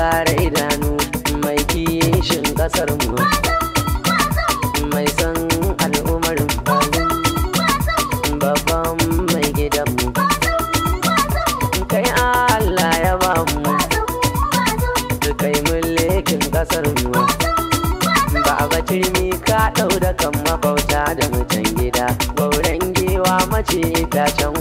kara idanu mai kishin kasar mu mai san al'ummar babban mai gidanmu kai Allah ya ba mu kai mulkin kasar mu ba a batirmi ka ɗau da kan mabauta da mutan gida gwauren giwa mace ta can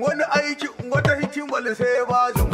wani aiki wata hikimar sai ba